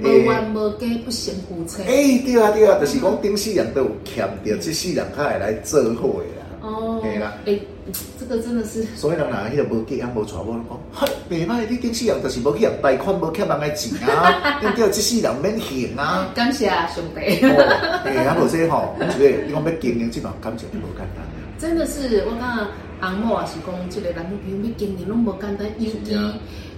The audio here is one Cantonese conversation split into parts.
無冤無家，不成夫妻。哎，對啊，對啊，就是講，頂世人都有欠着，這世人還會來做好誒啦。哦，對啦。誒，這個真的是。所以人哪，伊就無結也無娶我咯。嗨，未歹，你頂世人就是無欠貸款，無欠人家錢啊，叫這世人免嫌啊。感謝啊，兄弟。哎，還冇說吼，對，你講要經營這份感情都冇簡單。真的是，我講紅木啊，是講這類人，要要經營攏冇簡單，因為。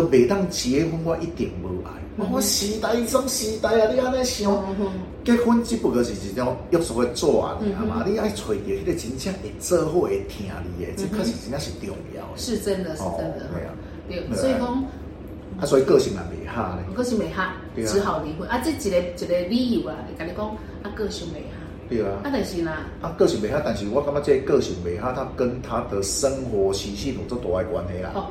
都未得結婚，我一定無愛。我時代，第想是第啊！你安尼想結婚，只不過是一種約束的作業嚟啊嘛。你愛找嘅嗰啲真正會做夥、會聽你的，即確實真正是重要。是真的，是真的。係啊，所以講啊，所以個性唔係黑呢？個性唔係黑，只好離婚。啊，即一個一個理由啊，嚟同你講。啊，個性唔係黑。對啊。啊，但是啦，啊，個性唔係黑，但是我覺得即個性唔係黑，佢跟他的生活習性有咁大嘅關係啦。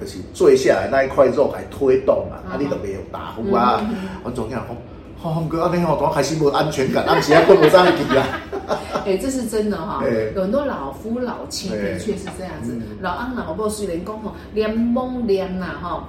就是最下來那一塊肉，係推動啊，啊呢、啊、就未有打呼啊。嗯嗯嗯，我昨天啊，看哥阿好同學開始冇安全感，阿唔時阿哥冇安全感。哎、 啊欸，這是真的哈、喔，欸、有很多老夫老妻的確是這樣子，欸嗯、老翁老婆是連公吼連蒙連啊哈。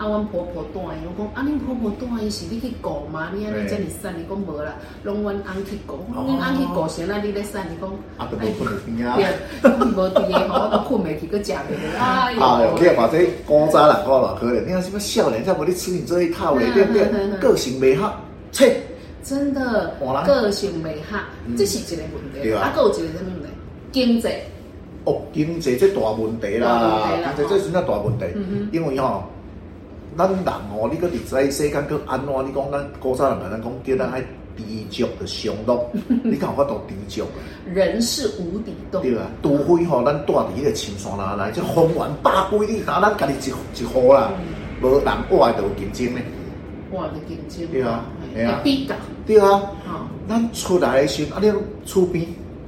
啊！阮婆婆帶，我講啊！恁婆婆帶，是你去告嘛？你安尼遮爾子說，你講無啦？攏阮翁去告。攏阮翁去告，誰哪？你來說，你講？啊，都冇困到點啊！冇點嘢，我都困未起，佮食起嚟。哎呀，你又把這古早人搞落去咧？你看什麼少年仔冇？你穿成這一套嚟，對不對？個性未合，切！真的，個性未合，這是一個問題。啊。啊，還有一個什麼問題？經濟。哦，經濟這大問題啦，經濟這算一大問題，因為哈。咱人哦、啊，你擱佇在世間，擱安怎？你講咱高山人同講，叫咱要知足常樂，你甲有法度知足？ 人是無底洞，對啊。除非吼，咱住佇迄個深山這啦，來即方圓百幾里，哈，咱家己一一戶啦，無人住喺就有競爭咧。住喺競爭。對啊，係啊。對啊。咱出來誒時候，啊，你厝邊？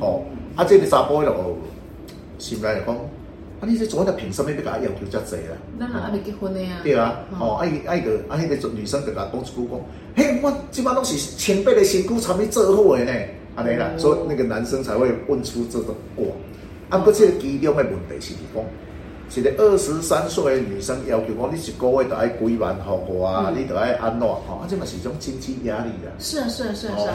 哦，嗯、啊，即個查甫迄咯，心裏嚟講，啊，你即做嗰憑啥物你甲較要求遮濟啊？咱嗱，阿你結婚誒啊？啊對啊，哦，啊，伊啊，伊阿啊，迄個女生甲講講一句，講嘿，我即班攏是千八嘅身軀參品做好誒嘅，係咪啦？嗯、所以那個男生才會問出呢個啊，咁嗰、嗯、個機中嘅問題是，嗯、是點講，是啲二十三歲嘅女生要求講，你一個月着愛幾萬毫喎啊？嗯、你着愛安怎？哦，啊，即是一種經濟壓力啊。是啊是是、啊、是。哦。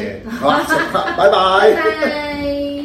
好，拜拜，拜拜。